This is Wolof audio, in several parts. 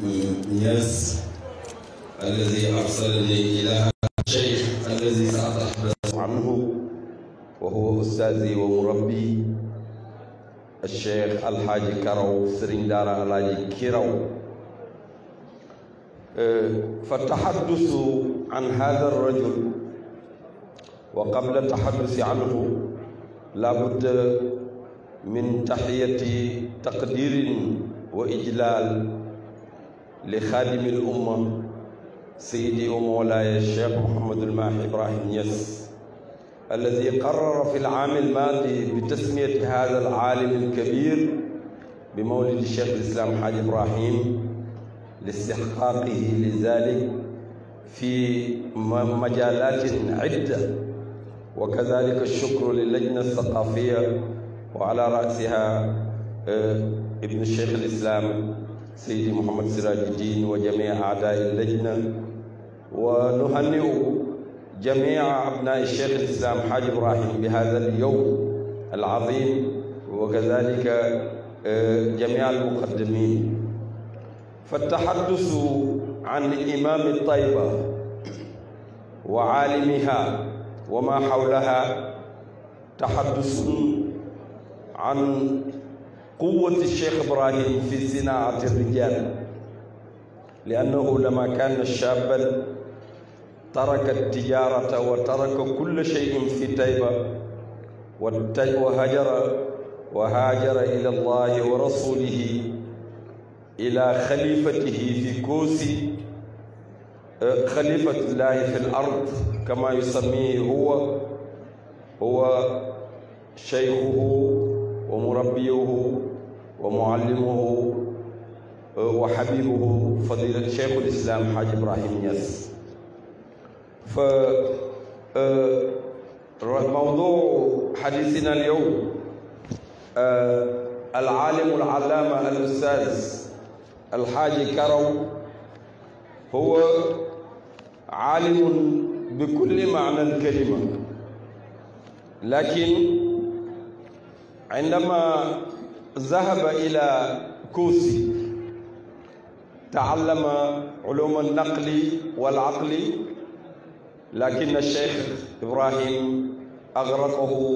Niass mm, allazi arsalani ila cheikh allazi saatahdasu anhu wa huwa ustaazi wa murabbi cheikh alhaaji karaw sëriñ daara alhaaji kiraw uh, fa taxaddusu an hada rajul wa qabla taxaddusi anhu la budda min taxiyati taqdirin wa ijlaal li xaadimil umma sayidi wa mawlaaya cheikh Mouhamadul Mahi Ibrahim Niass alladi qarara fi al-aam al-maadi bi tasmiyati haada al-aalim al-kabiir bi mawlidi cheikh al-islaam Haaj Ibrahim li istihqaaqihi li zaalik fi majaalaatin cidda wa kazaalika ash-shukru li lajna ath-thaqaafiyya wa alaa ra'sihaa eh, ibnu cheikh al-islaam سيدي محمد سراج الدين وجميع أعداء اللجنة ونهنئ جميع أبناء الشيخ الإسلام حاج إبراهيم بهذا اليوم العظيم وكذلك جميع المقدمين فالتحدث عن إمام طيبة وعالمها وما حولها تحدث عن قوة الشيخ إبراهيم في صناعة الرجال لأنه لما كان شابا ترك التجارة وترك كل شيء في تيبة وهجر وهاجر إلى الله ورسوله إلى خليفته في كوسي خليفة الله في الأرض كما يسميه هو هو شيخه ومربيه wa muallimuhu wa habibuhu fadilat cheikhul islam haaj ibrahim Niass fa mawduu hadisina al yawm al aalimu al allaama al ustaaz al haaji Karaw huwa aalimun bi kulli maana al kalima lakin indama zahaba ila kuusi taallama uluma naqli wal aqli lakin cheikh ibrahim agraqahu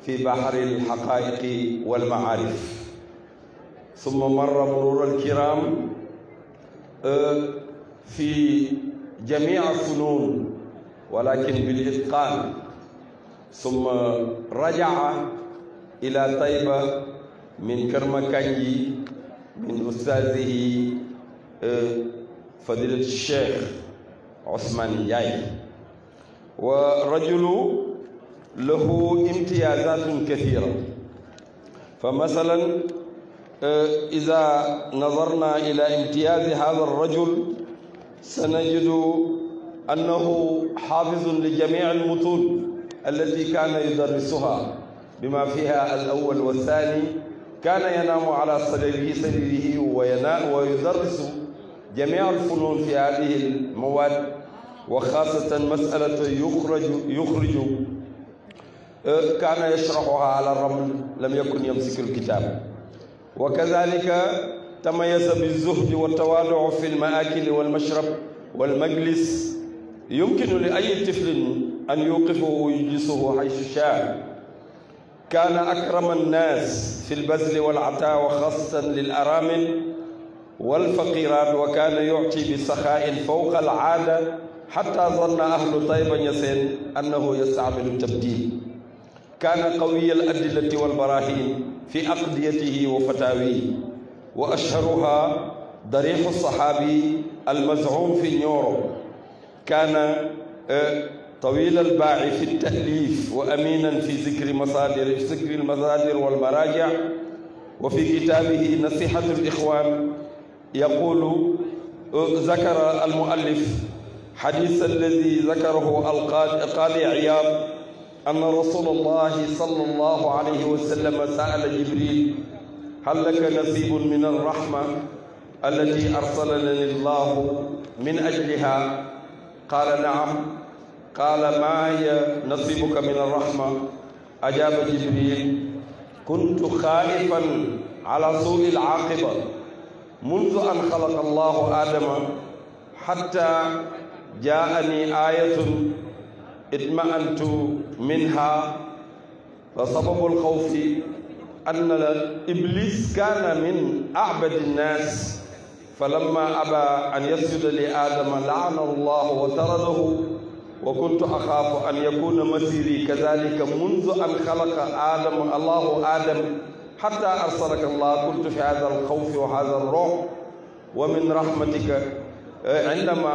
fi bahari lxaqaiqi walmaarif summa marra murura alkiram fi jamii funun walakin bilitqaan summa rajaca ila tayba min karma kanji min ustazihi e, fadilat cheikh Ousmane Ndiaye wa rajulu lahu imtiyazatun kathira fa masalan إذا نظرنا إلى امتياز هذا الرجل سنجد أنه حافظ لجميع المتون التي كان يدرسها بما فيها الأول والثاني kaana yanaamu ala salabi sabilihi wa yanaa wa yudarrisu jamia alfunun fi hadihi almawaad wa xaasatan masalata yuxraju yuxriju kaana yashraxuha ala raml lam yakun yamsiku alkitaab wa kazalika tamayasa bizuhdi wa tawaaduu fi almaakili walmashrab walmajlis yumkinu li ayi tiflin an yuqifahu wa yujlisuhu haysu shaa kaana akrama annaas fi lbazli walata wa xasan lil aramin walfaqirat wa kaana yuti bi saxaa'in fawqa alaada xata zanna ahlu tayba ñaseen annahu yastaamilu tabdil kaana qawiya al adillati walbarahin fi aqdiyatihi wa fataawihi wa ashharuha dariixu saxaabi almazcuum fi ñooro kaana eh, طويل الباع في التأليف وأمينا في ذكر مصادر ذكر المصادر والمراجع وفي كتابه نصيحة الإخوان يقول ذكر المؤلف حديث الذي ذكره القاضي عياض أن رسول الله صلى الله عليه وسلم سأل جبريل هل لك نصيب من الرحمة التي أرسلني الله من أجلها قال نعم qaala maa hiya nasibuka min arrahma ajaaba jibril kuntu xaa'ifan ala suui alaaqiba mundu an xalaqa allahu aadama xatta jaa'ani aayatun itma'antu minha fa sababu alxawfi an iblis kaana min abadi nnaas falamma abaa an yasjuda li aadama laanahu allahu wa taradahu wa kuntu axaafu an yakuna masiri kazalika mundu an xalaqa aadama allahu aadam xatta arsalaka allah kuntu fi hada alxawfi wa hada alrox wa min rahmatika indama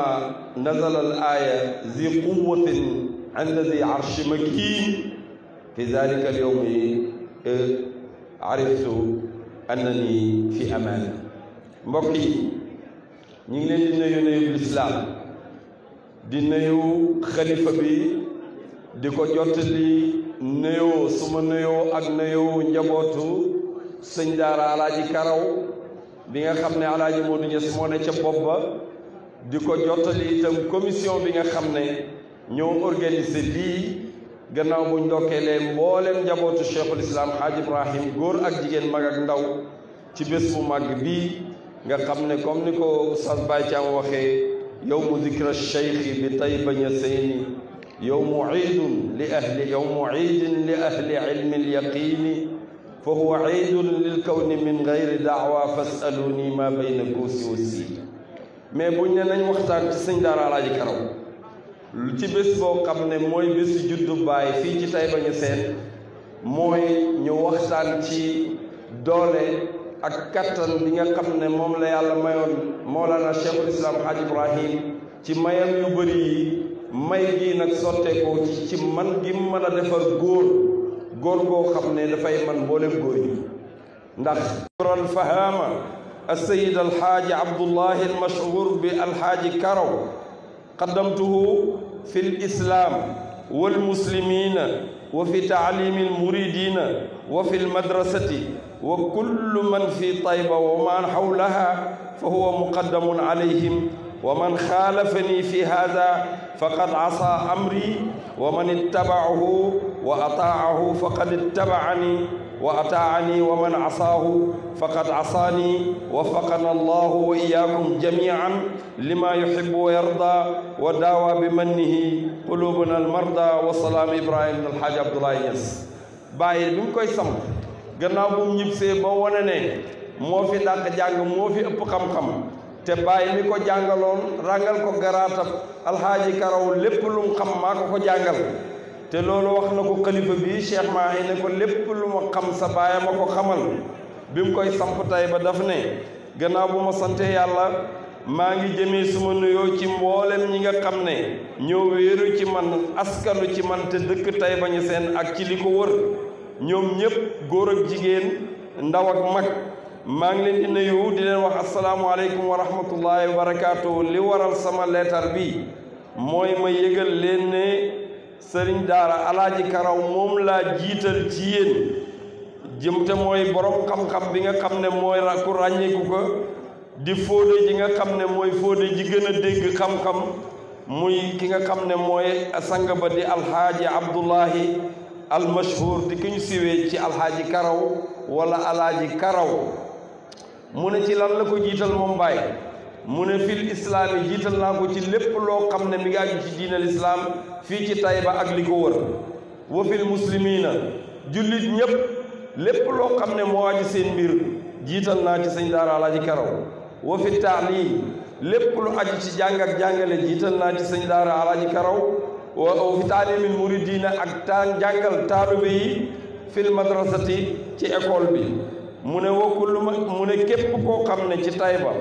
nazala alaya zi quwatin inda zi arshi makin e, fi dalika alyawmi ariftu annani fi amaan mbokk yi ñu ngi leen di nuyu nuyu lislaam di nuyu xalifa bi di ko jottali nuyoo suma nuyoo ak nuyoo njabootu sëñ daara alaaji karaw bi nga xam ne alaaji Modou Niass moo ne ca bopp ba di ko jottali itam commission bi nga xam ne ñoo organisé lii gannaaw buñ ndokkeelee mbooleem njabootu cheikhul islam haaj ibrahim góor ak jigéen mag ak ndaw ci bés bu màgg bi nga xam ne comme ni ko oustaz Baye Thiam waxee yowmu dikra cheikhi bi tayba ñaseyni yowmu ciidun li ahli yowmu ciidin li ahli cilmi lyaqini fa huwa ciidun lilkawni min gayri daawa fasaluni ma bayna kuusi wa siin mais buñ ne nañ waxtaan ci sëñ daara alaaji karaw ci bés boo xam ne mooy bésu juddu baay fii ci tayba ñaseen mooy ñu waxtaan ci doole ak kattan bi nga xam ne moom la yàlla mayoon Mawlana Cheikhul Islam Hadj Ibrahim ci mayam yu bëri may gii nag sotteekoo ci ci man gi mën a defar góor góor goo xam ne dafay man mboolem góor yi ndax kural fahama السيد الحاج عبد الله المشهور بالحاج كرو قدمته في الإسلام والمسلمين وفي تعليم المريدين وفي المدرسة wa kullu man fi tayba wa man hawlaha fa huwa muqaddamun alayhim wa man xaalafani fi haada faqad asaa amri wa man ittabaahu wa ataahu faqad ittabaani wa ataani wa man asaahu faqad asaani waffaqana allahu wa iyaakum jamiican lima yuhibbu wa yarda wa daawa bi mannihi qulubuna almarda wa salaam Ibrahima alxaaji Abdoulaye Niass bàyyi bi mu koy samp gannaaw bu mu ñibbisee ba wane moo fi dàq jàng moo fi ëpp xam-xam te bàyyi mi ko jàngaloon ràngal ko garaatab alxaaji karaw lépp lu mu xam maa ko ko jàngal te loolu wax na ko xalifa bi cheikh maa ne ko lépp lu ma xam sa baaya ma ko xamal bi mu koy samp tay ba daf ne gannaaw bu ma sante yàlla maa ngi jëmee suma yoo ci mboolem ñi nga xam ne ñoo wéeru ci man askanu ci man te dëkk tay ba ñu seen ak ci li ko wër ñoom ñëpp góor ak jigéen ndaw ak mag maa ngi leen di nuyu di leen wax asalaamualeykum wa rahmatullahi wa barakaatu li waral sama leetar bi mooy ma yëgal leen ne sëriñ daara alaaji karaw moom laa jiital ci yéen jëmte mooy borom xam-xam bi nga xam ne mooy ku ràññeeku ko di fóode ji nga xam ne mooy fóode ji gën a dégg xam-xam muy ki nga xam ne mooy sang ba di alxaaji abdullahi almashhur di ki ñu siwee ci alxaaji karaw wala alaaji karaw mu ne ci lan la ko jiital moom Baay mu ne fil islaami jiital naa ko ci lépp loo xam ne mi ngi aju ci diinal islaam fii ci Tayba ak li ko wa fil muslimiina jullit ñépp lépp loo xam ne moo aju seen mbir jiital naa ci sëñ daara alaaji karaw wa fi taalim lépp lu aju ci jàng ak jàngale jiital naa ci sëñ daara alaaji karaw wa fi taalimil muridina ak ta jàngal taalibe yi fil madrasati ci école bi mu ne wokkul mu ne képp koo xam ne ci Tayba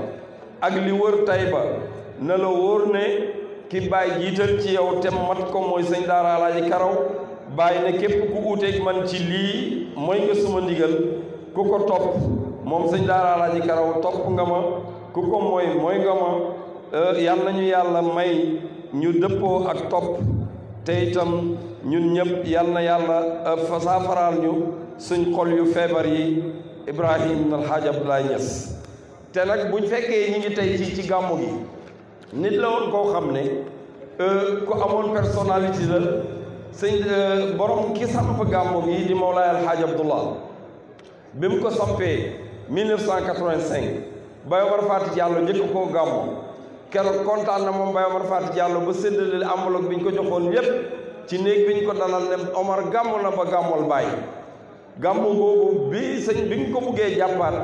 ak li wër Tayba na la wóor ne ki baay jiital ci yow te mat ko mooy sëñ daara Karaw bàyyi ne képp ku uuteeg man ci lii mooy nga suma ku ko topp moom sëñ daara Karaw topp nga ma ku ko mooy mooy nga ma yàlla nañu yàlla may ñu dëppoo ak topp te itam ñun ñëpp yal na yàlla euh, saafaraal ñu suñ xol yu feebar yi Ibrahim Alhaaj Abdoulaye Niass te nag buñ fekkee ñi ngi tey ci ci gàmmu nit la woon koo xam ne euh, ku amoon personnalité la sëñ euh, borom ki samp gàmmu gi di Mawlaay Alhaaj Abdullah bi mu ko sampee 1985 Baye Omar Fati Diallo njëkk koo gàmmu keroog kontaan na moom Baye Omar Faty Diallo ba séddale enveloppe bi ñu ko joxoon yépp ci néeg biñ ko dalal ne Omar gàmmu na ba gàmmol Baye gàmmu boobu bi sëñ bi ñu ko buggee jàppaat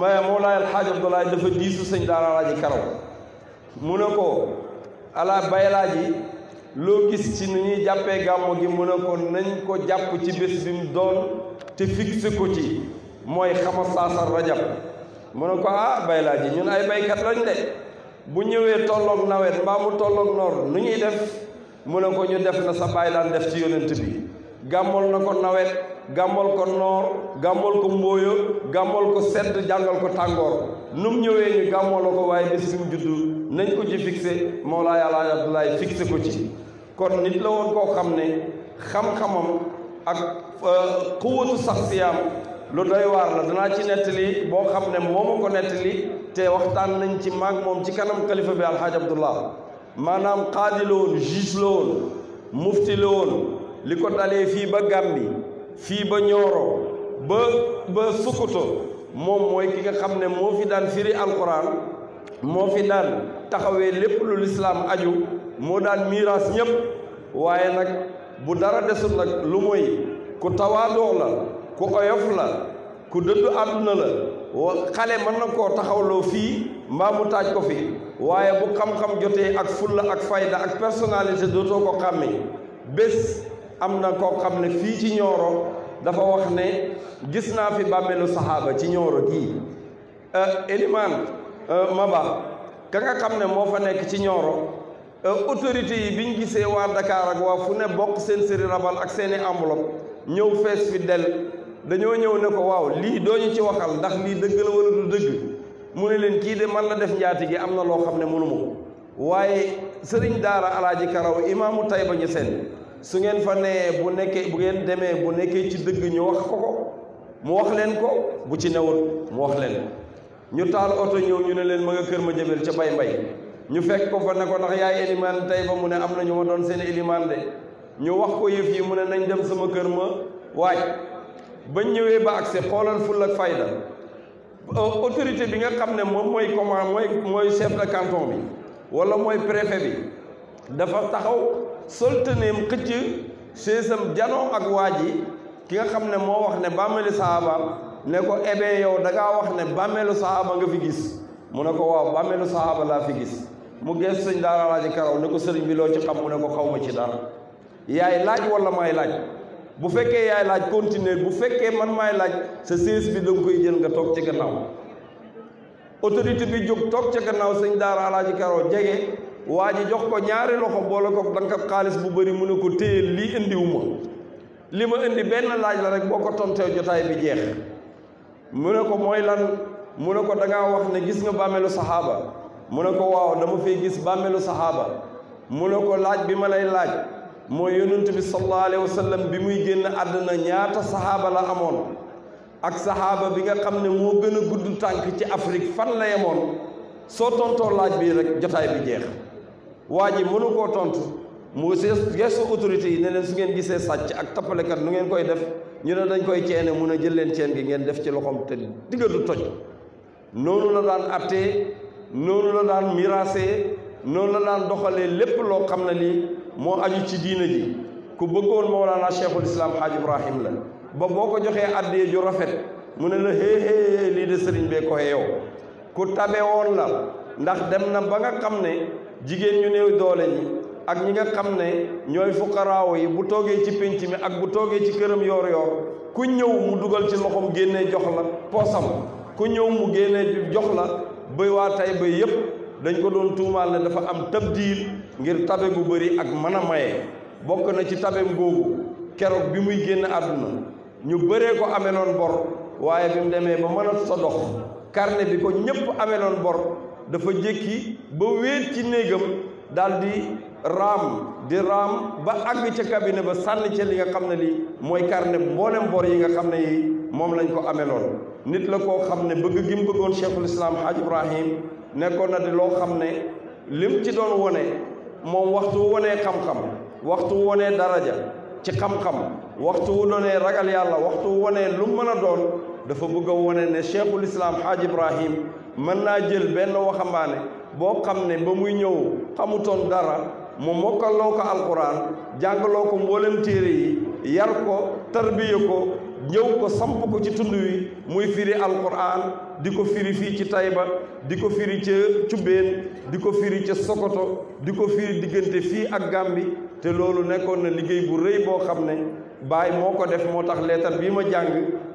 ma Mawlaay Alxaaji Abdoulaye dafa diisu sëñ daara laaji karaw mu ne ko ala baylaaji loo gis ci ni ñuy jàppee gàmmu gi mu ne ko nañ ko jàpp ci bés bi mu doon te fixé ko ci mooy xama saasar rajab mu ne ko ah baylaaji ñun ay baykat lañ de bu ñëwee tolloog nawet mbaa mu tolloog noor nu ñuy def mu ne ko ñu def na sa baay daan def ci yonent bi gàmmool na ko nawet gàmmool ko noor gàmmool ko mbóoyo gàmmool ko sedd jàngal ko tàngoor nu mu ñëwee ñu gàmmool na ko waaye bis bi mu juddu nañ ko ci fixé Mawlaay Alaaji Abdoulaye fixé ko ci kon nit la woon koo xam ne xam-xamam ak xuwatu euh, sax siyaam lu doy waar la danaa ci nettali boo xam ne moo ma ko nettali te waxtaan nañ ci maag moom ci kanam xalifa bi alxaaj abdullah maanaam xaadi la woon li ko dalee fii ba Gàmbi fii ba Ñooro ba ba Sukuto moom mooy ki nga xam ne moo fi daan firi alquran moo fi daan taxawee lépp lu lislaam aju moo daan miiras ñépp waaye nag bu dara desul nag lu mooy ku tawaadoox la ku oyof la ku dëddu àdduna la xale mën na koo taxawloo fii mbaa mu taaj ko fi waaye bu xam-xam jotee ak fulla ak fayda ak personnalité dootoo ko xàmme bés am na koo xam ne fii ci ñooro dafa wax ne gis naa fi bàmmeelu saxaaba ci ñooro gii euh, Eliman euh, Maba ka nga xam ne moo fa nekk ci ñooro euh, autorité yi biñ gisee waa Dakar ak waa fu ne bokk seen sëri rabal ak seeni enveloppe ñëw fees fi del dañoo ñëw ne ko waaw lii doo ñu ci waxal ndax lii dëgg la wala du dëgg mu ne leen kii de man la def njaati gi am na loo xam ne mënuma ma waaye sëriñ daara alaaji karaw imaamu Tayba ñu seen su ngeen fa nee bu nekkee bu ngeen demee bu nekkee ci dëgg ñu wax ko ko mu wax leen ko bu ci newut mu wax leen ko ñu taal oto ñëw ñu ne leen mën nga kër ma jëbel ca bay mbay ñu fekk ko fa ne ko ndax yaay élimaan Tayba mu ne am na ñu ma doon seen élimaan de ñu wax ko yëf yi ne nañ dem sama kër ma waaj bañ ñëwee ba agsi xoolal ful ak fayda euh, autorité bi nga xam ne moom mooy commande mooy mooy chef de canton bi wala mooy préfet bi dafa taxaw soltaneem xëcc seesam janoo ak waa ji ki nga xam ne moo wax ne bàmmeelu saaba ne ko ebee eh yow da ngaa wax ne bàmmeelu saaba nga fi gis mu ne ko waaw bàmmeelu saaba laa fi gis mu gees sëñ daara laaji karaw ne ko sëriñ bi loo ci xam mu ne ko xaw ma ci dara yaay laaj wala may laaj bu fekkee yaay laaj continuer bu fekkee man maay laaj sa sées bi da koy jël nga toog ci gannaaw autorité bi jóg toog ca gannaaw sëñ daara alaaji Karo jege waa ji jox ko ñaari loxo boole ko danga ko xaalis bu bari mu ne ko téye lii indiwu ma li ma indi benn laaj la rek boo ko tontee jotaay bi jeex mu ne ko mooy lan mu ne ko da ngaa wax ne gis nga bàmmeelu saxaaba mu ne ko waaw dama fee gis bàmmeelu saxaaba mu ne ko laaj bi ma lay laaj mooy yonent bi sallallahu alayhi wa sallam bi muy génn àdduna ñaata saxaaba la amoon ak saxaaba bi nga xam ne moo gën a gudd tànk ci Afrique fan la yemoon soo tontoo laaj bi rek jotaay bi jeex waa ji mënu koo tontu mu gestu autorité yi ne leen su ngeen gisee sàcc ak tappalekat nu ngeen koy def ñu ne dañ koy ceene mun a jël leen ceen gi ngeen def ci loxoom te digga du toj noonu la daan attee noonu la daan miraasee noonu la daan doxalee lépp loo xam ne lii moo aju ci diina ji ku bëggoon Mawlana Cheikhul Islam Hadj Ibrahim la ba boo ko joxee addee ju rafet mu ne la héehée lii de sëriñ bee ko yow ku tabe woon la ndax dem na ba nga xam ne jigéen ñu néew doole ak ñi nga xam ne ñooy fukaraawo yi bu toogee ci pénc mi ak bu toogee ci këram yoor yoor ku ñëw mu dugal ci loxoom génnee jox la poosam ku ñëw mu génnee jox la bay waa tay bay yépp dañ ko doon tuumaal ne dafa am tabdiil ngir tabe gu bëri ak man a maye bokk na ci tabem googu keroog bi muy génn àdduna ñu bëree ko ameloon bor waaye bi mu demee ba mënat sa dox carnet bi ko ñépp ameloon bor dafa jékki ba wéet ci néegam daal di raam di raam ba àgg ca cabinet ba sànni ca li nga xam ne li mooy carnet mboolem bor yi nga xam ne yi moom lañ ko ameloon nit la koo xam ne bëgg gi mu bëggoon cheikhul islam haj ibrahim nekkoon na di loo xam ne lim ci doon wone moom waxtu wu wonee xam-xam waxtu wu wonee daraja ci xam-xam waxtu wu doonee ragal yàlla waxtu wu wonee lu mën a doon dafa bëgg a wone ne cheikhul islam haaj ibrahim mën naa jël benn waxambaane boo xam ne ba muy ñëw xamutoon dara mu mokkaloo ko alquran jàngaloo ko mboolem téere yi yar ko tarbiya ko ñëw ko samp ko ci tund wi muy firi alquran di ko firi fii ci tayba di ko firi ca cubbeen di ko firi ca Sokoto di ko firi diggante fii ak Gàmbi te loolu nekkoon na liggéey bu rëy boo xam ne baay moo ko def moo tax leetar bii ma jàng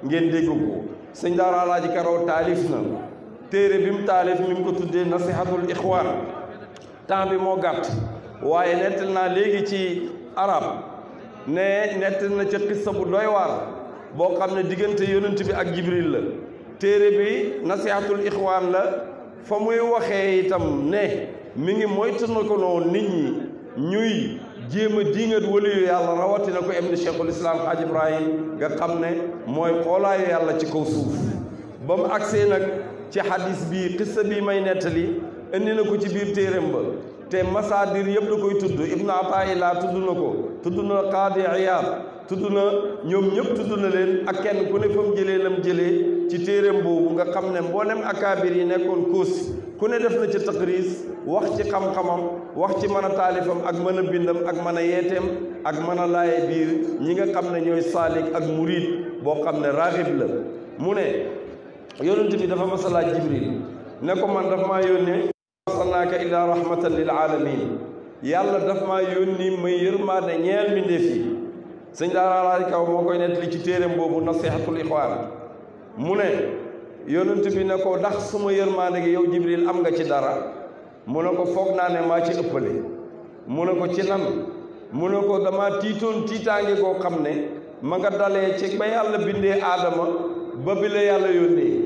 ngeen dégg ko sëñ Daara Alaaji Karaw taalif na téere bi mu taalif mi ngi ko tuddee nasihatul ixwaan temps bi moo gàtt waaye nettal naa léegi ci arab ne nettal na ca xissa bu doy waar boo xam ne diggante yonent bi ak jibril la téere bi nasihatul ixwaan la fa muy waxee itam ne mi ngi moytu na ko noonu nit ñi ñuy jéem a diingat waliyu yàlla rawatina ko am ni cheikhul islam xaaj ibrahim nga xam ne mooy xoolaayu yàlla ci kaw suuf ba mu agsee nag ci xadis bii xissa bii may nettali indi na ko ci biir téeréem ba te masaadir yëpp da koy tudd ibnu ataila tudd na ko tudd na qaadi iyaad tudd na ñoom ñëpp tudd na leen ak kenn ku ne fa mu jëlee lam jëlee ci téeréem boobu nga xam ne mboolem akaabir yi nekkoon kuusi ku ne def na ci taqriis wax ci xam-xamam wax ci mën a taalifam ak mën a bindam ak mën a yeeteem ak mën a laaye biir ñi nga xam ne ñooy saalik ak muriid boo xam ne raaxib la mu ne yonent bi dafa mas a laaj jibril ne ko man daf maa yónnee arsalnaaka illaa rahmatan lil aalamin yàlla daf maa yónni may yërmaande ñeel mbindeef yi sëñ daara laaj kaw moo koy nett ci téeréem boobu nasihatul mu ne yonent bi ne ko ndax suma yërmaande gi yow jibril am nga ci dara mu ko foog naa ne maa ci ëppale mu ko ci nan mu ne ko dama tiitoon tiitaange koo xam ne ma nga dalee ci ba yàlla bindee aadama ba bi la yàlla yónnee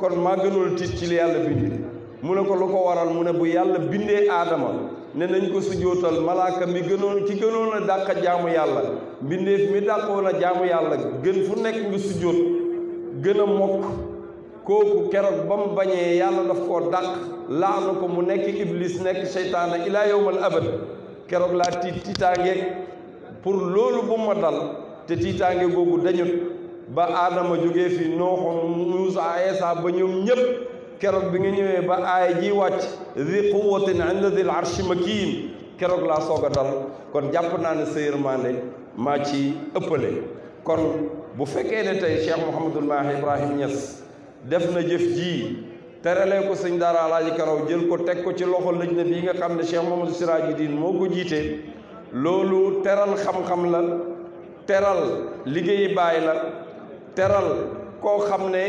kon maa gënul tiit ci li yàlla bindee mu ne ko lu ko waral mu ne bu yàlla bindee aadama ne nañ ko sujootal malaaka mi gënoon ci gënoon a dàq jaamu yàlla mbindeef mi dàqoon a jaamu yàlla gën fu nekk nga sujoot gën a mokk kooku keroog ba mu bañee yàlla daf koo dàq laanu ko mu nekk iblis nekk seytaana ilaa yawmal abad keroog laa tiit tiitaange pour loolu bu ma dal te tiitaange googu dañut ba aadama jógee fi nooxoon muusa eesa ba ñoom ñépp keroog bi nga ñëwee ba aay ji wàcc di quwatin inda dil arshi makiin keroog laa soog a dal kon jàpp naa ne sa yërmande maa ci ëppale kon bu fekkee ne tey Cheikh Mouhamadul Mahi Ibrahim Niass def na jëf ji teralee ko sëñ daara alaaji karaw jël ko teg ko ci loxo lëj na bii nga xam ne Cheikh Mouhamadou Siraaju Diin moo ko jiite loolu teral xam-xam la teral liggéeyi baay la teral koo xam ne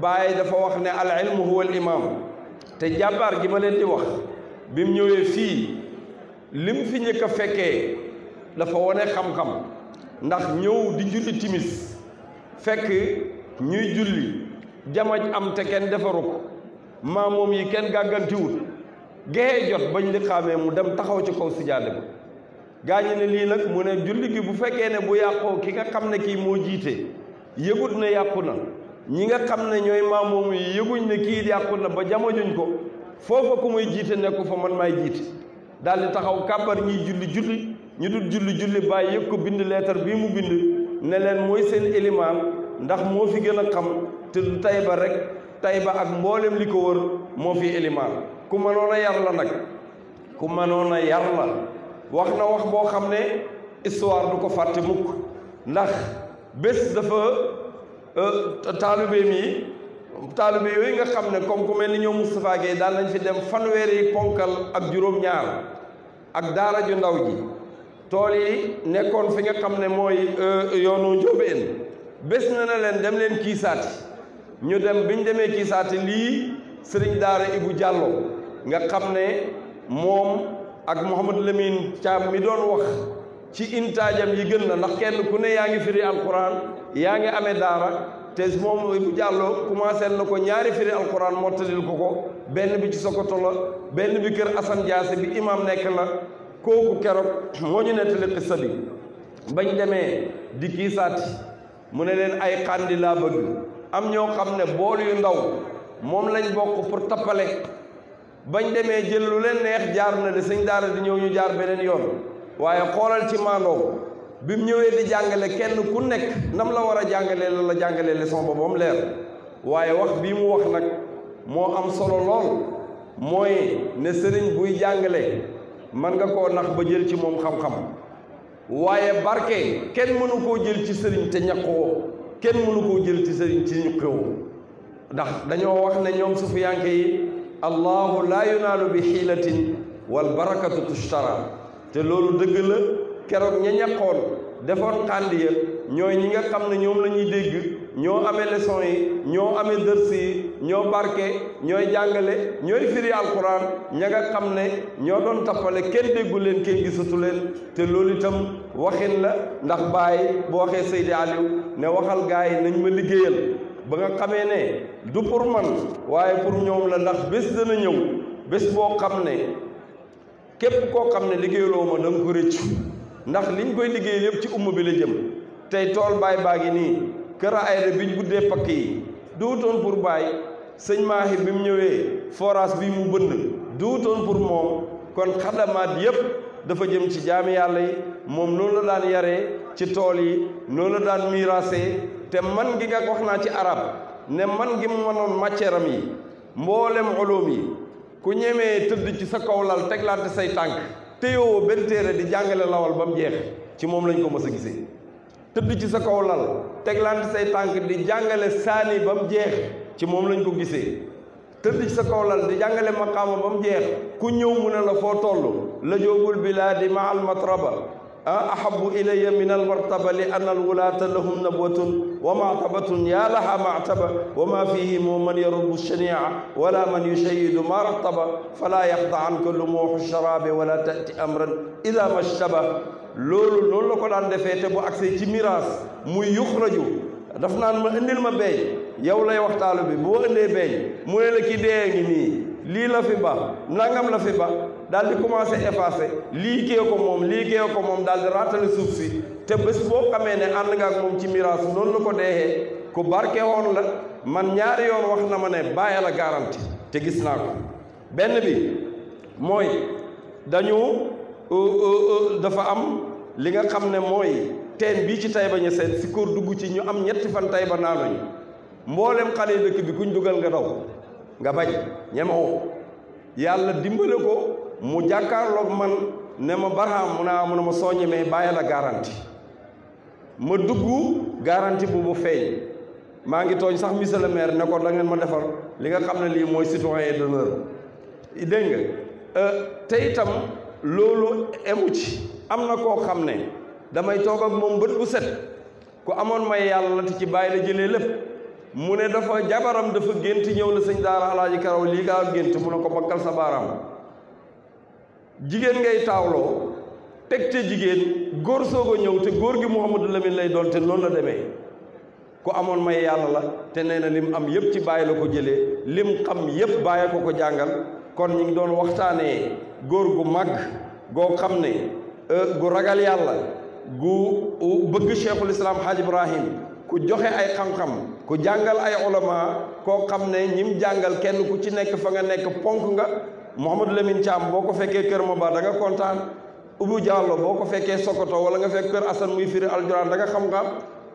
baay dafa wax ne al ilmu huwa al imaam te jàmbaar gi ma leen di wax bi mu ñëwee fii lim fi njëkk fekkee dafa wone xam-xam ndax ñëw di julli timis fekk ñuy julli jamaj am te kenn defaru ko maamoom yi kenn gàggantiwut gee jot bañ li xaamee mu dem taxaw ci kaw sijaada bi gaa ñi ne lii nag mu ne julli gi bu fekkee ne bu yàqoo ki nga xam ne kii moo jiite yëgut ne yàqu na ñi nga xam ne ñooy maamoom yi yëguñ ne kii yàqu na ba jamajuñ ko foofa ku muy jiite nekku fa man maay jiite daal di taxaw kàbbar julli julli ñu du julli julli bàyyi yëg ko bind leetar bii mu bind ne leen mooy seen élimaan ndax moo fi gën a xam te du Tayba rek Tayba ak mboolem li ko wër moo fi élimaan ku mënoon a yar la nag ku mënoon a yar la wax na wax boo xam ne histoire du ko fàtte mukk ndax bés dafa euh, taalibeem yi taalibe yooyu nga xam ne comme ku mel ni ñoom Moustapha Gueye daan nañ fi dem fanweeri ponkal ak juróom-ñaar ak daara ju ndaw ji tool yi nekkoon fi nga xam ne mooy euh, yoonu njóobeen bés na ne leen dem leen kiisaati ñu dem bi ñu demee saati lii sëriñ daara Ibou jàlloo nga xam ne moom ak Mouhamadou Lamine Thiam mi doon wax ci intaajam yi gën na ndax kenn ku ne yaa ngi firi alquran yaa ngi amee daara te moom Ibou Diallo commencé na ko ñaari firi alquran moo tëddil ko ko benn bi ci Sokoto benn bi kër Assane Diassé bi imam nekk la kooku keroog moo ñu nettali xissa bi bañ demee di kiisaati mu ne leen ay xandi laa bëgg am ñëw xam ne bool yu ndaw moom lañ bokk pour tappale bañ demee jël lu leen neex jaar na de sëñ daara di ñëw ñu jaar beneen yoon waaye xoolal ci maandoo bi mu ñëwee di jàngale kenn ku nekk nam la war a jàngalee la la jàngalee leçon ba moom leer waaye wax bii mu wax nag moo am solo lool mooy ne sëriñ buy jàngale man nga koo nax ba jël ci moom xam-xam waaye barke kenn mënu koo jël ci sëriñ te ñàkkoo kenn mënu koo jël ci sëriñ ci ñuqewoo ndax dañoo wax ne ñoom sufiyanke yi allahu laa yunaalu bi xiilatin wal barakatu tushtara te loolu dëgg la keroog ña ñàkkoon defoon xànd ñooy ñi nga xam ne ñoom la dégg ñoo amee leçon yi ñoo ame dërs yi ñoo barke ñooy jàngale ñooy firi alquran ña nga xam ne ñoo doon tappale kenn déggu leen kenn gisatu leen te loolu itam waxin la ndax baay bu waxee Seydi Aliou ne waxal gaa yi nañ ma liggéeyal ba nga xamee ne du pour man waaye pour ñoom la ndax bés dana ñëw bés boo xam ne képp koo xam ne liggéeyaloo ma da nga ndax liñ koy liggéeyal yëpp ci umma bi la tey tool baay baa ngi nii kër a ayda biñ guddee pakk yi duutoon pour baay sëñ Mahi bi mu ñëwee forage bi mu bënn duutoon pour moom kon xadamaat yépp dafa jëm ci jaami yàlla moom noonu la daan yaree ci tool yi noonu la daan miirasee te man gi nga wax naa ci arab ne man gi mu mënoon matière yi mboolem ulum yi ku ñemee tëdd ci sa kaw lal teglante say tànk téyowoo benn di jàngale lawal ba mu jeex ci moom lañ ko mës a gisee tëdd ci sa kaw lal teglante say tànk di jàngale saani ba mu jeex ci moom lañ ko gisee tëdd sa kaw lal di jàngale maqaama ba mu jeex ku ñëw mu ne la foo toll la joobul bilaadi ma al matraba ah ahabu ilaya min almartaba li anna alwulaata lahum nabwatun wa martabatun yaa laha martaba wa ma fihimu man yarubu shania wala man yushayidu ma raxtaba fala yaxda anka lumuuxu sharaabi wala tati amran ida mashtaba loolu noonu la ko daan defee te bu agsee ci miraas muy yuxraju daf naan ma ma beey yow lay waxtaalu bi boo ëndee beeñ mu ne la ki dee ngi nii lii la fi ba nangam la fi ba daal di commencé effacé lii kee ko moom lii kee ko moom daal di raatale suuf si te boo xamee ne ànd nga ak moom ci miraas noonu la ko deexee ku barke woon la man ñaari yoon wax na ma ne bàyyi la garanti te gis naa ko benn bi mooy dañu dafa am li nga xam ne mooy teen bii ci Taïba Niassène si kóor dugg ci ñu am ñetti fan Taïba naanuñu mboolem xale dëkk bi kuñ dugal nga daw nga bañ ñemewoo yàlla dimbale ko mu jàkkaarloog man ne ma barham mu naa ah, mu ma soo ñemee bàyyi la garanti ma dugg garanti bu mu feeñ maa ngi tooñ sax monsieur le ne ko da ngeen ma defar li nga xam ne lii mooy citoyen d'honneur dégg nga euh, te itam loolu emu am na koo xam ne damay toog ak moom bët bu set ku amoon may yàlla la te ci bàyyi la jëlee lépp mu ne dafa jabaram dafa gént ñëw na sëñ daara alaaji karaw lii gaa gént mu ne ko bakkal sa baaraam jigéen ngay taawloo teg te jigéen góor soog a ñëw te góor gi Mouhamadou Lamine lay doon te noonu la demee ku amoon may yàlla la te nee na lim am yëpp ci bàyyi la ko jëlee lim xam yëpp bàyyi ko ko jàngal kon ñu ngi doon waxtaanee góor gu mag goo xam ne euh, gu ragal yàlla gu bëgg cheikhul islam Hadj Ibrahim ku joxe ay xam-xam ku jàngal ay ulama koo xam ne ñim jàngal kenn ku ci nekk fa nga nekk ponk nga Mouhamadou Lamine caam boo ko fekkee Kër Maba da nga kontaan Ubu Diallo boo ko fekkee Sokoto wala nga fekk Kër Assane muy firi aljuran da nga xam nga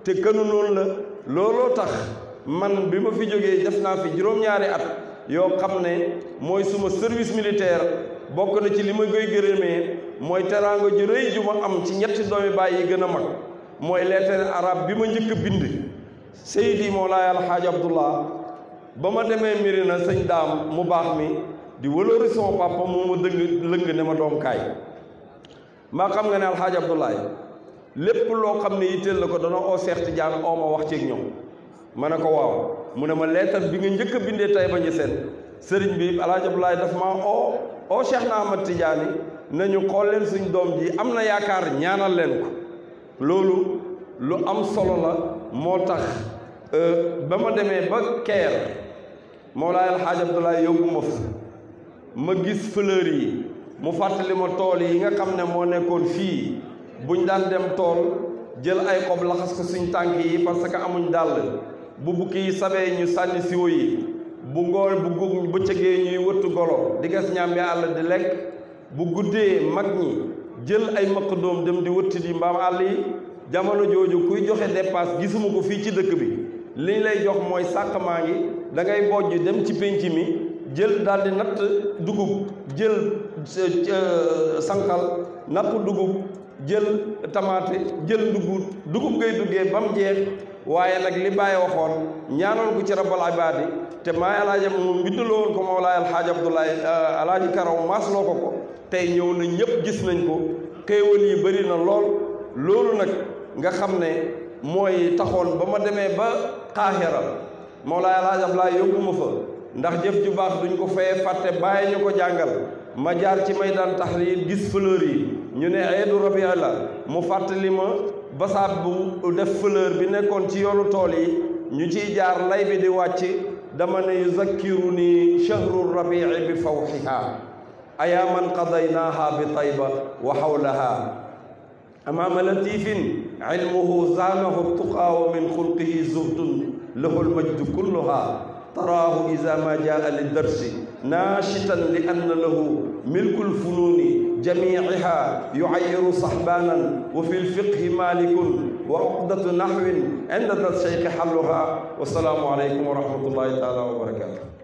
te kënu noonu la looloo tax man bi ma fi jógee def naa fi juróom-ñaari at yoo xam ne mooy suma service militaire bokk na ci li ma koy gërëmee mooy teraanga ju rëy ju ma am ci ñetti doomi baay yi gën a mag mooy lettre arabe bi ma njëkk a bind Seydi Moolaay Alxaaj Abdullah ba ma demee Mirina sëñ daam mu baax mi di wëlóori sama papa moo ma doomukaay ma doom kaay maa Alxaaj Abdullah lépp loo xam ne yitteel la ko dana oo Seex Tijaan oo ma wax ceeg ñoom ma ne ko waaw mu ne ma leetar bi nga njëkk a bindee Taïba Niassène sëriñ bi Alxaaj Abdullah daf maa oo oo Cheikh na nañu xool leen suñ doom ji am na yaakaar ñaanal leen ko loolu lu am solo la moo tax euh, ba ma demee ba keer Mawlaay Alxaaj Abdoulaye yóbbu ma fa ma gis fleur yi mu fàttali ma tool yi nga xam ne moo nekkoon fii buñ daan dem tool jël ay xob laxas ko suñ tànk yi parce que amuñ dàll bu bukki yi sabee ñu sànni siwo yi bu ngoor bu gug bëccëgee ñuy wëttu golo di gas ñaam bi àll di lekk bu guddee mag ñi jël ay makkadoom dem di wëtti di mbaam àll yi jamono jooju kuy joxe dépasse gisuma ko fii ci dëkk bi li lay jox mooy sàq maa ngi dangay ngay dem ci pénc mi jël daal di natt dugub jël euh, euh, sànqal natt dugub jël tamaate jël dugub dugub ngay duggee ba mu jeex waaye nag li bàyyi waxoon ñaanoon ko ci rabbal ibaadi te maay alaaji moom mbindaloo woon ko Mawlaay Alxaaji Abdoulaye euh, Alaaji Karaw maasloo ko ko tey ñëw na ñépp gis nañ ko xéewal yi bëri na lool loolu nag nga xam ne mooy taxoon ba ma demee ba xaaxira Mawlaay Alhaaj Ablaay yóbbu ma fa ndax jëf ju baax duñ ko fayee fàtte bàyyi ñu ko jàngal ma jaar ci maydaan tahrir gis fleur yi ñu ne aydu rabi la mu fàttali ma basaab bu def fleur bi nekkoon ci yoonu tool yi ñu ciy jaar lay bi di wàcc dama ne yuzakkiru ni shahru rabii bi fawxiha ayaa man qadaynaaha bi tayba wa xawlaha amaama latiifin cilmuhu zaanahu tuqaaw min xulqihi zuhdun lahu lmajdu kulluha taraahu ida ma jaa lidarsi naashitan li anna lahu milku lfunuuni jamiiciha yucayiru saxbaanan wa fi lfiqhi maalikun wa uqdatu naxwin cinda darsheyki xalluha wasalaamu aleykum wa rahmatullahi taala wa barakaatu